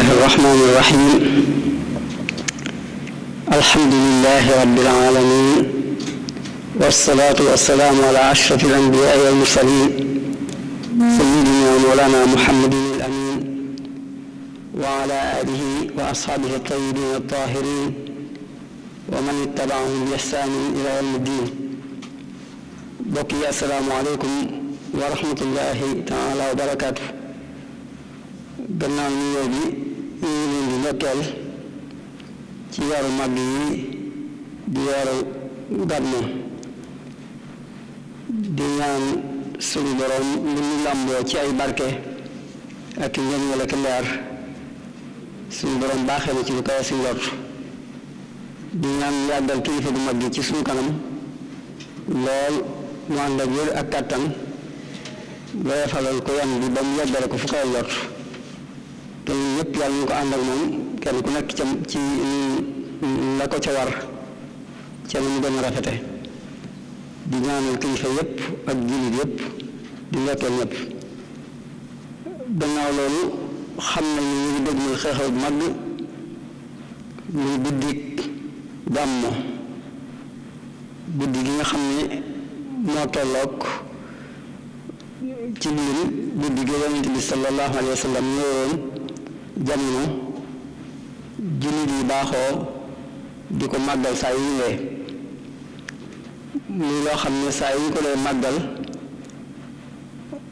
الله الرحمن الرحيم الحمد لله رب العالمين والصلاة والسلام على أشرف الأنبياء والمرسلين سيدنا ومولانا محمد الأمين وعلى آله وأصحابه الطيبين الطاهرين ومن اتبعهم بإحسان إلى يوم الدين بقي السلام عليكم ورحمة الله تعالى وبركاته gannaaw ñu yow bi ñu ngi leen di ndokkeel ci weeru màgg yi di weeru gàmmu di ñaan suñu borom li mu làmboo ci ay barke ak njëriñ wala ki leer suñu borom baaxee na ci lu kawe si njort di ñaan yàggal kilifa gu mag gi ci suñu kanam lool mu ànd ak wér ak kàttan looy falal ko yan bi ba mu yàggale ko fu kawe te yëpp yàlla ñu ko ànd ak moom kenn ku nekk ca ci la ko ca war ca nu mu gën a rafete di ñaanal kilifa yëpp ak jullit yëpp di ndokkeel ñëpp gannaaw loolu xam nañ ne ñu ngi dégg muy xeexew bu mag muy guddi gàmmu guddi gi nga xam ne moo tolloog ci biir guddi gi yonent bi sallallahu alayhi wa sallam ñëwoon jamono jullit yi baaxoo di ko màggal saa yu ne muy loo xam ne saa yu ñu ko dee màggal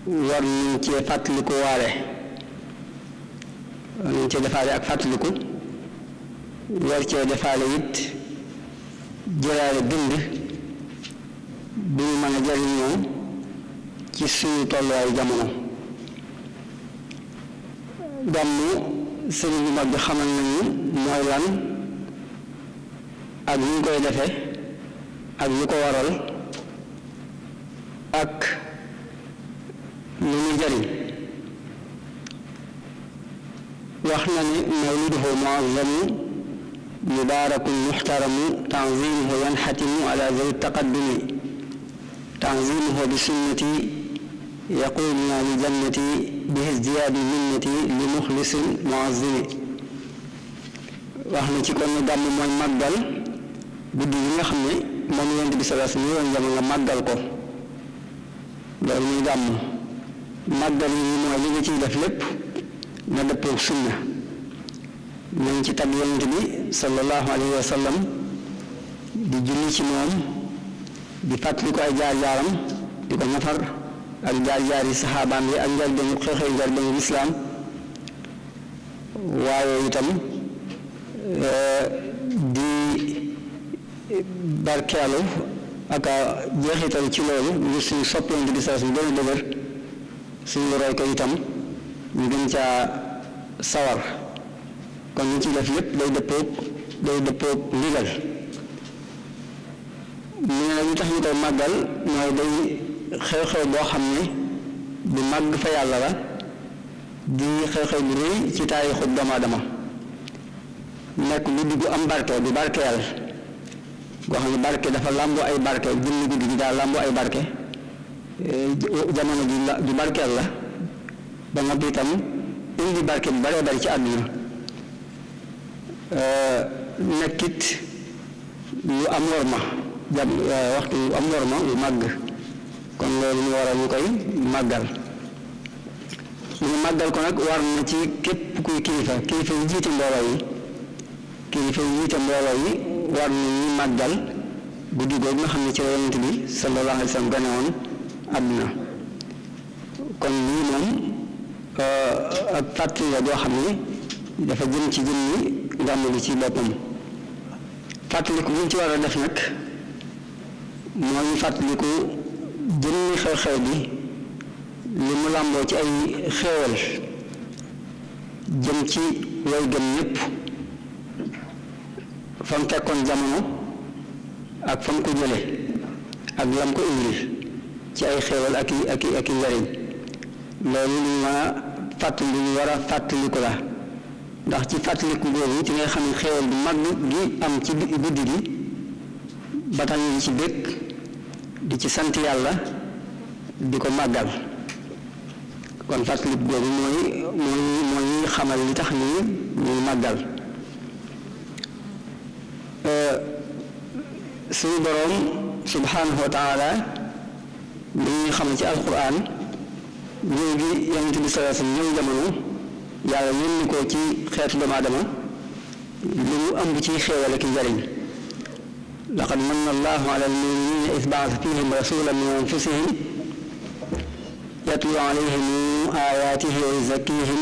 war nañ cee fàttaliku waale war nañ cee defaale ak fàttaliku war cee defaale it jëlaale bind bi ñu mën jariñoo ci suñu tolluwaayu jamono gàmmu sëriñ bu mag bi xamal nañu mooy ak ñu koy defee ak lu ko waral ak lu ñu jariñ wax na ni mawliduhu muazzamu mubaarakun muxtaramu tanzimuhu yanxatimu ala zawi taqaddumi tanzimuhu bi sunnati يقول مع الجنة بازدياد منتي لمخلص معظم wax na ci kon ne gàmm mooy màggal guddi yi nga xam ne moom yonent bi salaas ni woon jamono nga màggal ko loolu muy gàmm màggal yi mooy li nga ciy def lépp na dëppoog sunna nañ ci tagg yonent bi sallallahu alayhi wa sallam di julli ci moom di fàttali ko ay jaar-jaaram di ko ñafar ak jaar-jaar yi saxaabaam yi ak njëlbeenu xew-xew njëlbeenu lislaam waaye itam eh, di barkeelu ak jeexital ci loolu ngir suñu soppeeku di gisaa suñu gën dëgër suñu roy ko itam ñu gën caa sawar kon ñu ci def lépp day dëppoog day dëppoog ndigal ñu ne ñu tax ñu koy màggal mooy day. xew-xew boo xam ne bu mag fa yàlla la di xew-xew bu rëy ci taarixu doomu aadama nekk guddi gu am barke bu barkeel goo xam ne barke dafa làmbu ay barke jëmm guddi daa làmbu ay barke eh, jamono ju la barkeel la ba nga itam indi barke bu baree bari ci àdduna eh, nekkit lu am worma jam eh, waxtu am worma lu màgg kon loolu ñu waral ñu koy màggal lu màggal ko nag war na ci képp kuy kilifa kilifa yu jiite mbooloo yi kilifa yu jiite mbooloo yi war na ñu màggal guddi googu nga xam ne ci yonent bi sallallahu alayhi wa sallam gane woon àdduna kon lii moom euh, ak la boo xam ne dafa jëm ci ci fàttaliku li ci war a def nag mooy fàttaliku jëmmi xew-xew bi li mu làmboo ci ay xeewal jëm ci way gëm ñépp fa mu jamono ak fa mu ko jële ak lam ko indil ci ay xeewal ak i ak i ak i njariñ loolu lu ñu war a fàttali lu war a fàttaliku la ndax ci fàttaliku googu ci ngay xam ne xeewal bu mag gi am ci guddi gi ba tax ci bëgg di ci sant yàlla di ko màggal kon fàttali googu mooy mooy mooy xamal li tax nii ñuy màggal euh, suñu boroom subhaanahu wa mu dañuy xamal ci alquran ñëw gi yonent bi sallallahu jamono yàlla yónni ko ci xeetu doomu aadama lu mu ëmb ci xéewal ak njariñ laqad man allahu ala almuminina id baasa fihim rasulan min anfusihim yatlu alayhim ayatihi wa yuzakkihim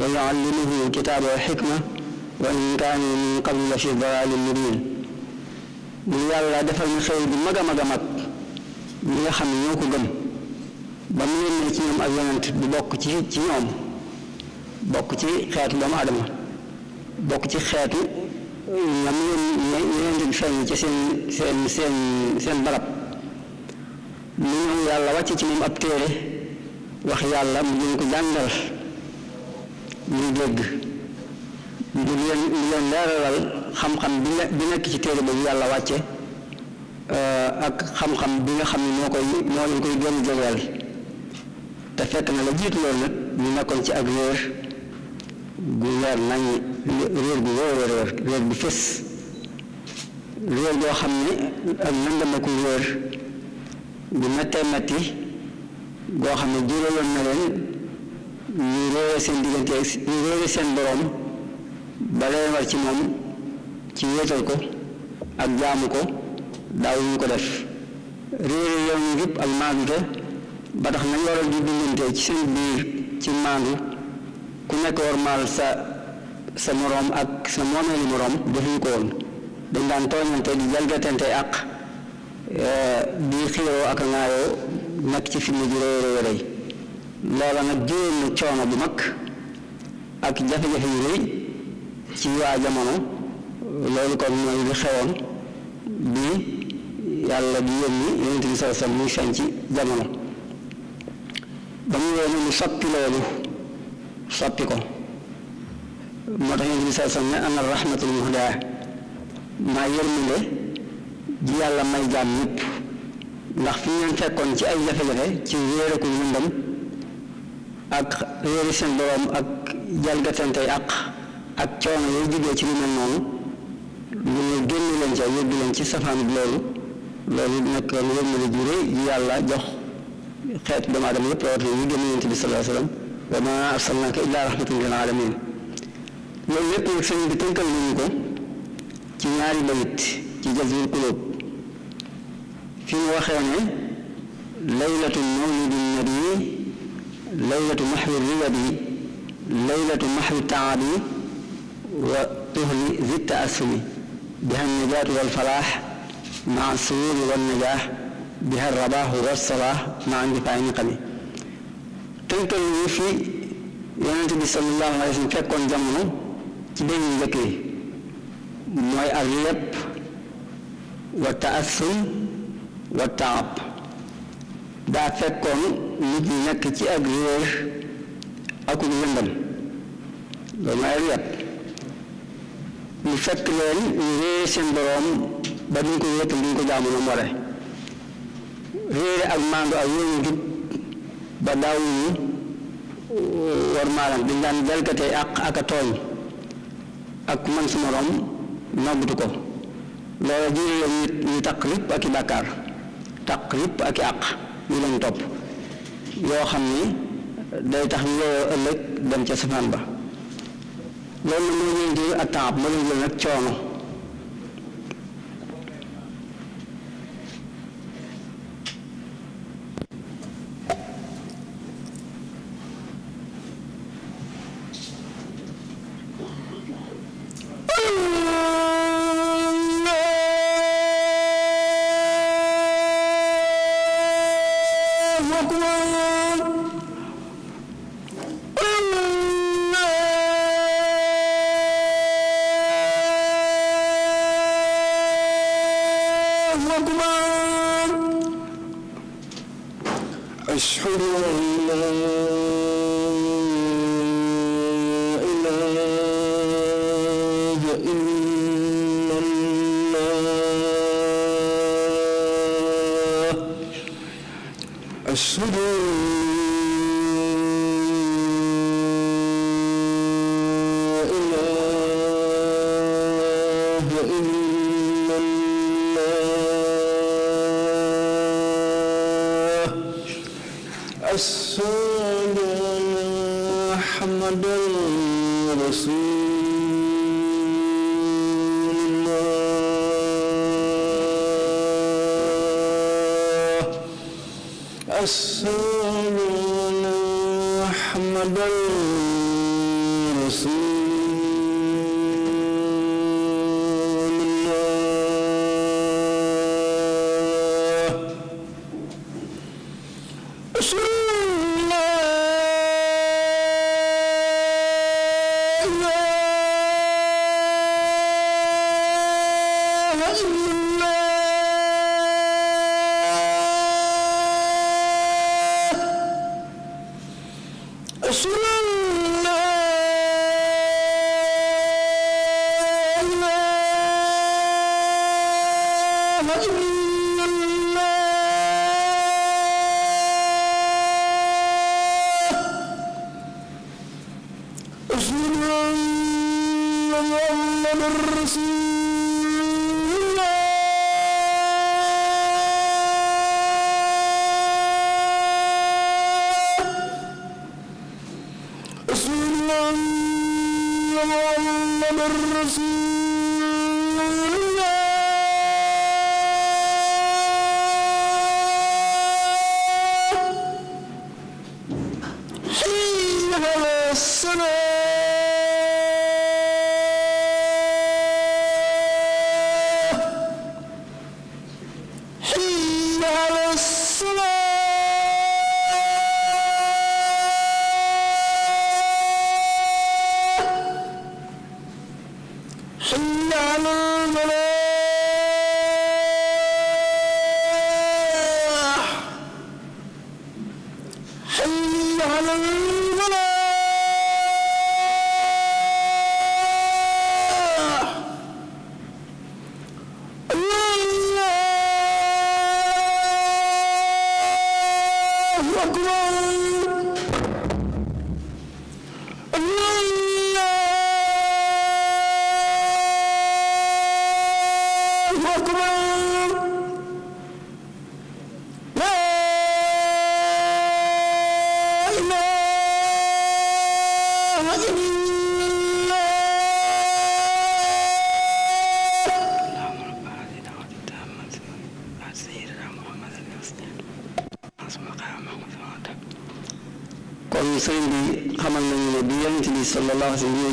wa yuallimuhum alkitaba wal xikma wa in kaanu min qablu la fi dalalin mubin ñu yàlla defal ñu xëy bu mag a mag a mag ñi nga xam ne ñoo ko gëm ba mu yónnee ci ñoom ak yonent bu bokk ci ci bokk ci xeetu doomu adama bokk ci xeetu ñoom ñoo ñoo leen feeñ ci seen seen seen seen barab mu ñëw yàlla wàcce ci moom ab téere wax yàlla mu leen ko jàngal ñu dégg mu leen mu leen leeralal xam-xam bi bi nekk ci téere boobu yàlla wàcce ak xam-xam bi nga xam ne moo koy moo leen koy gën jegeel te fekk na la jiit loolu nag ñu nekkoon ci ak réer gu leer naññi réer bi woo woo réer réer bi fës réer boo xam ne ak nangam a ko réer bu mattee matti boo xam ne juróoloon na leen ñu réere seen diggante ak ñu seen boroom ba war ci moom ci wéetal ko ak jaamu ko daawuñu ko def réere yoon yëpp ak maandute ba tax nañ waral di dundante ci seen biir ci maandu ku nekk war maal sa sa moroom ak sa moomeelu moroom defuñu ko woon dañ daan di jalgatante àq eh, di xiiroo ak ngaayoo nekk ci fitna ju rëy rëy rëy loola nag juróom na coono bu mag ak jafe-jafe yu rëy ci waa jamono loolu kon mooy li xewoon bi yàlla di yónni yonent bi sallallahu alayhi muy feeñ ci jamono ba mu woonu lu soppi loolu soppi ko moo tax yonent bi saa sam ne ana rahmatul muhdaa maa yërmande ji yàlla may jaam ñëpp ndax fi ñu fekkoon ci ay jafe-jafe ci réere ku lëndëm ak réere seen borom ak jalgatante ak ak coono yooyu jógee ci lu mel noonu lu ñu génn leen ci yóbbu leen ci safaan bi loolu loolu nekk lu yërmande ju rëy ji yàlla jox xeet doomu aadama yëpp rawatina ñu génn yonent bi sallallahu alayhi wa sallam illaa rahmatan lil alamin loolu lépp nag sëñ bi tënkal nañu ko ci ñaari bayit ci Jazbul Qulub fi mu waxee ne laylatu mawlidin nabi laylatu maxwi riwadi laylatu maxwi taabi wa tuhli zitta asumi biha najaatu wal falaax maa suruuri wan najaax biha rabaaxu wa salaax maa ndifaay fi yonente bi sallallahu alayhi wa sallam ci dañuy njëkk yi mooy ak yépp wa taasum wa taab daa fekkoon nit nekk ci ak réer ak lu lëndëm loolu mooy a yépp mu fekk leen ñu réer seen boroom ba duñ ko wéet duñ ko jaamu na more réere ak màndu ak yoonu jub ba daawuñu uh, war maalam dañ daan ak ak a tooñ ak man su moroom nobbatu ko loola jur leen nit ñu taq yëpp ak i bàkkaar taq yëpp ak i àq ñu leen topp yoo xam ni day tax ñu looloo ëllëg dem ca safaan ba loolu na moo ñëw di ak taab moo leen jël nag coono Yes. محمد رسول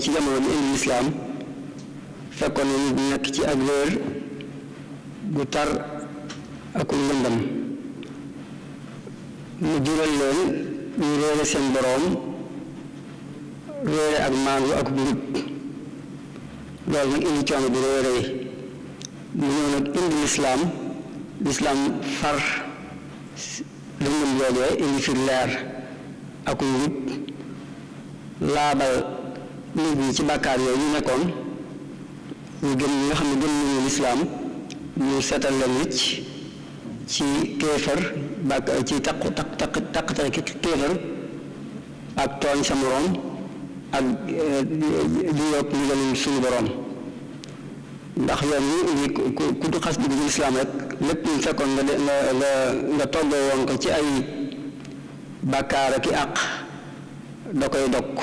ci jamono bi indi lislaam fekkoon na nit nekk ci ak réer gu tar ak lëndam mu jural leen ñu réere seen boroom réere ak maandu ak njub loolu nag indi coono bi réere yi mu ñëw nag indi lislaam lislaam far lëndam loolu indi fi leer ak njub laabal nit ñi ci bàkkaar yooyu ñu nekkoon ñu gëm ñi nga xam ne gëm nañu lislaam ñu seetal leen wicc ci kéefar bàkk ci takku takk takk takkatale ki kéefar ak tooñ sa moroom ak eh, di yokk ndigalul suñu yi xas dugg ci lislaam rek lépp ñu fekkoon nga de nga nga nga woon ko ci ay bàkkaar ak i àq da koy dokk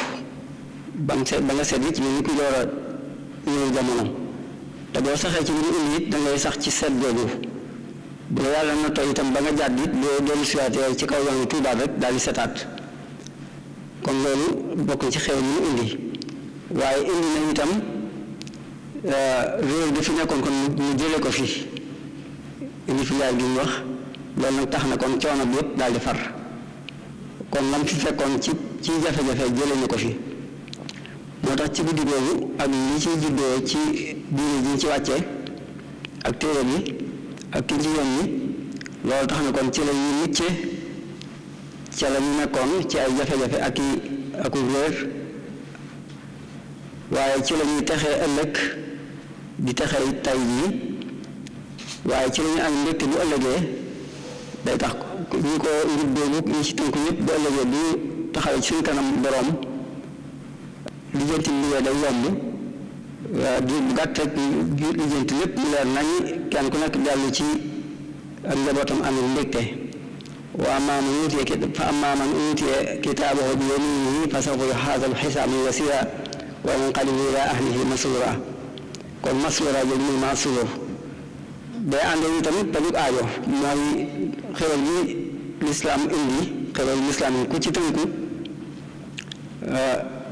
ba set ba nga set it yow it ku door a ñëw jamono te boo saxee ci li ñu indi it sax ci set googu bu yàlla na tooy itam ba nga jàdd it boo doon siwaatee ci kaw yoonu tuubaat rek daal di setaat kon loolu bokk ci xew mu indi waaye indi na itam euh, réer bi fi nekkoon kon mu jële ko fi indi fi yaay gi ñu wax loolu nag tax na kon coono bi yëpp daal di far kon lam fi fekkoon ci ci jafe-jafe jële ñu ko fi moo tax ci guddi googu ak li ciy juddoo ci diine ji ci wàcce ak téere bi ak ki ci yoon loolu tax na kon ci la ñuy mucce ci la ñu nekkoon ci ay jafe-jafe ak i aku réer waaye ci la ñuy texee ëllëg di texee tay jii waaye ci la ñuy am mbégte bu ëllëgee day tax ñu ko ngir doogu ñu ci tënk ñëpp bu ëllëgee du taxawee suñ kanam boroom lijjanti liggéey day yomb diir bu gàtt rek mu leer nañ kenn ku nekk jàll ci ak njabootam amul mbégte wa ammaa man uutiya fa ammaa man uutiya kitaabahu bi yamiinihi fa sawfa yuhaasabu hisaaban yasiiraa wa yanqalibu ilaa ahlihi masruuraa kon masruuraa jël muy masruur day ànd yi tamit pajug aajo mooy xéwal gi lislaam indi xéwal lislaam ku ci tënku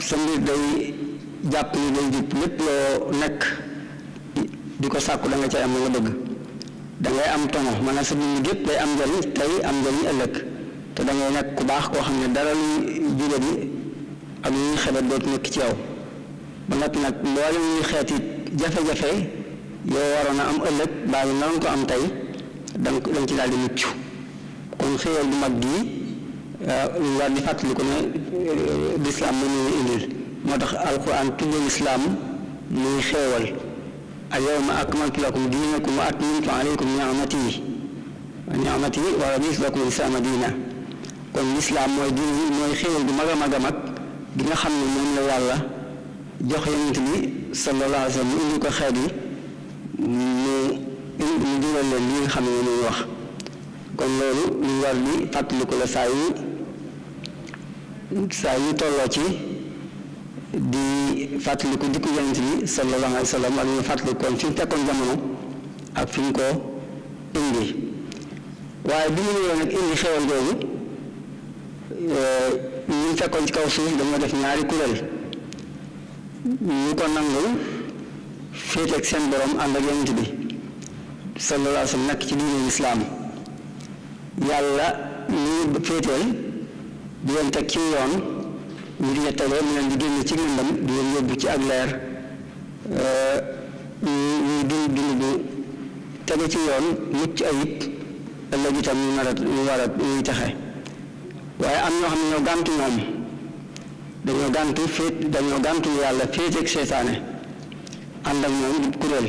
sa mbir day jàpp ni day jub lépp loo nekk di ko sàkku da nga cay am la nga bëgg da ngay am tono maanaam sa dund gépp day am njariñ tey am njariñ ëllëg te da ngay nekk ku baax koo xam ne dara luy jóge bi ak luy xebet dootu nekk ci yow ba nag mboole xeeti jafe-jafe yow waroon a am ëllëg baa ngi naroon ko am tey da nga ci daal di mucc kon xéewal bu mag gii ñu war di fàttali ko ne eh, lislaam mu ñu indil moo tax alquran tudd lislaam muy xeewal al yawma akmaltu lakum diinakum wa atmamtu alaykum ni'mati ni'mati wa raditu lakum lislaama diina kon lislaam mooy diin mooy xeewal bu mag a mag a mag bi nga xam ne moom la yàlla jox yonent bi sallallahu alayhi wa sallam mu indi ko xeet yi mu mu jural leen li nga xam ne moom wax kon loolu ñu war di fàttaliku la saa yu saa yu tolloo ci di fàttaliku dikku yonent bi sallallahu alayhi wa sallam ak ñu fàttalikoon fi mu fekkoon jamono ak fi mu ko indi waaye bi mu ñëwee nag indi xewal googu eh, ñu fekkoon ci kaw suuf dañoo def ñaari kuréel ñu ko nangul féete ak seen borom ànd ak yonent bi sallallahu alayhi wa sallam nekk ci diinul islaam yàlla ñu féeteel di leen teg ci yoon ngir ñettalee mu leen di génn ci lëndam di leen yóbbu ci ak leer eh, ñuy dund dund bu tege ci yoon mucc ayib ëllëg itam ñu nar a ñu war a ñuy texe waaye am ñoo xam ne ñoo gàntu ñoom dañoo gàntu féet dañoo gàntu yàlla féet ak seytaane ànd ak ñoom di kuréel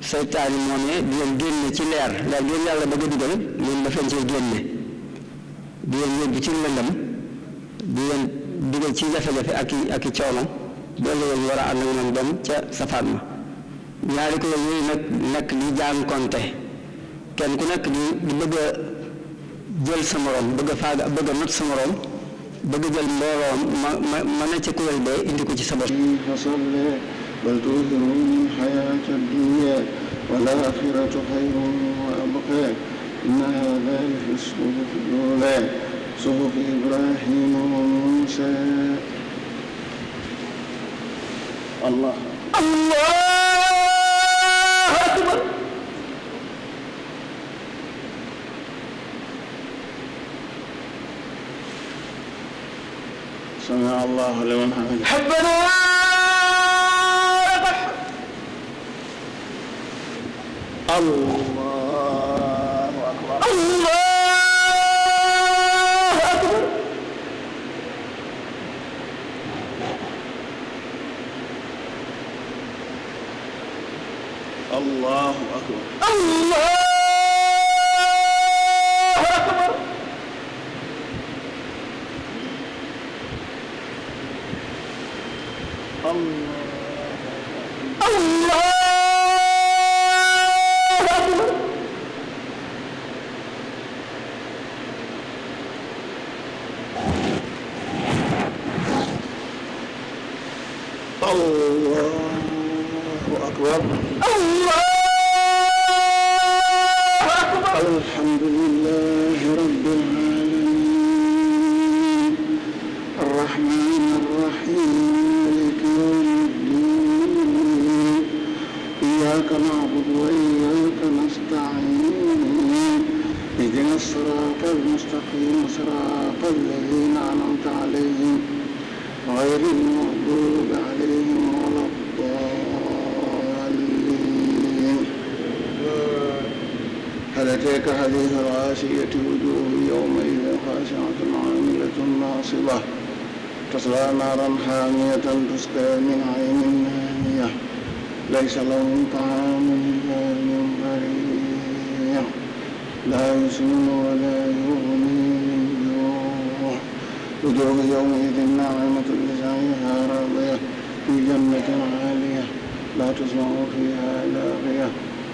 seytaane moo ne di leen génne ci leer leer génn yàlla ba a dugal leen daf leen cee génne di leen yóbbu ci lëndam di leen dugal ci jafe-jafe ak i ak i coono loolu la ñu war a ànd ak ñoom dem ca safaan ma ñaari ko yooyu nag nekk di jaan konte kenn ku nekk di di bëgg jël sa morom bëgg a faaga bëgg a not sa morom bëgg jël mbooloom ma ma ma nekk ca kuréel bee indi ko ci sa bopp. بل تؤثرون الحياة الدنيا والآخرة خير وأبقى إن هذا لفي الصحف الأولى صحف إبراهيم وموسى الله الله أكبر سمع الله لمن حمده حبنا الله شبه تصلى نارا حامية تسقى من عين آنية ليس لهم طعام إلا من ضريع لا يسمن ولا يغني من جوع وجوه يومئذ ناعمة لسعيها راضية في جنة عالية لا تسمع فيها لاغية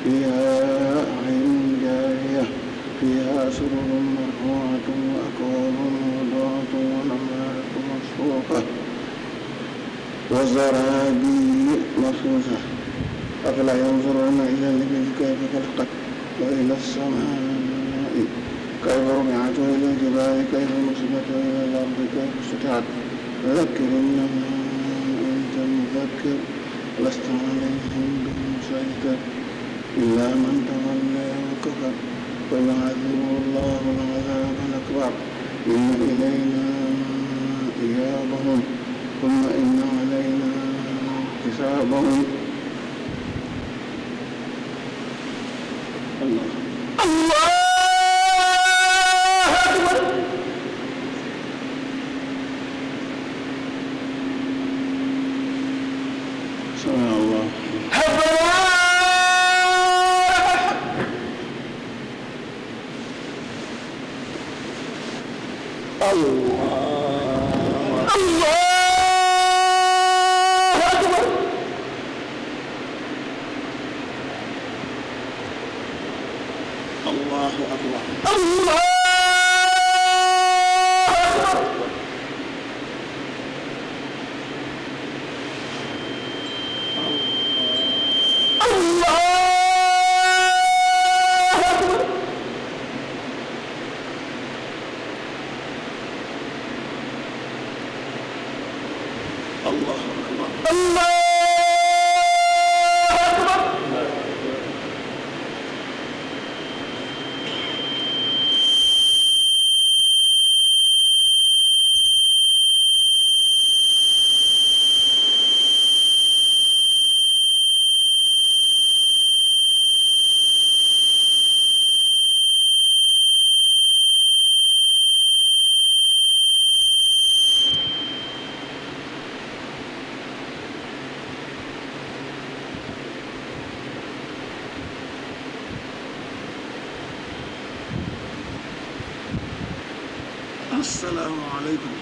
فيها أعين جارية فيها سرر مرفوعة وأكواب والأموال مسروقة والزرابي مصوصة أفلا ينظرون إلى الإبل كيف خلقت وإلى السماء كيف رفعت وإلى الجبال كيف نصبت وإلى الأرض كيف سطحت فذكر إنما أنت مذكر لست عليهم بمسيطر إلا من تولى وكفر فيعذبه الله العذاب الأكبر ثم إلينا إيابهم ثم إن علينا حسابهم الله أكبر الله أكبر asalaamu aleykum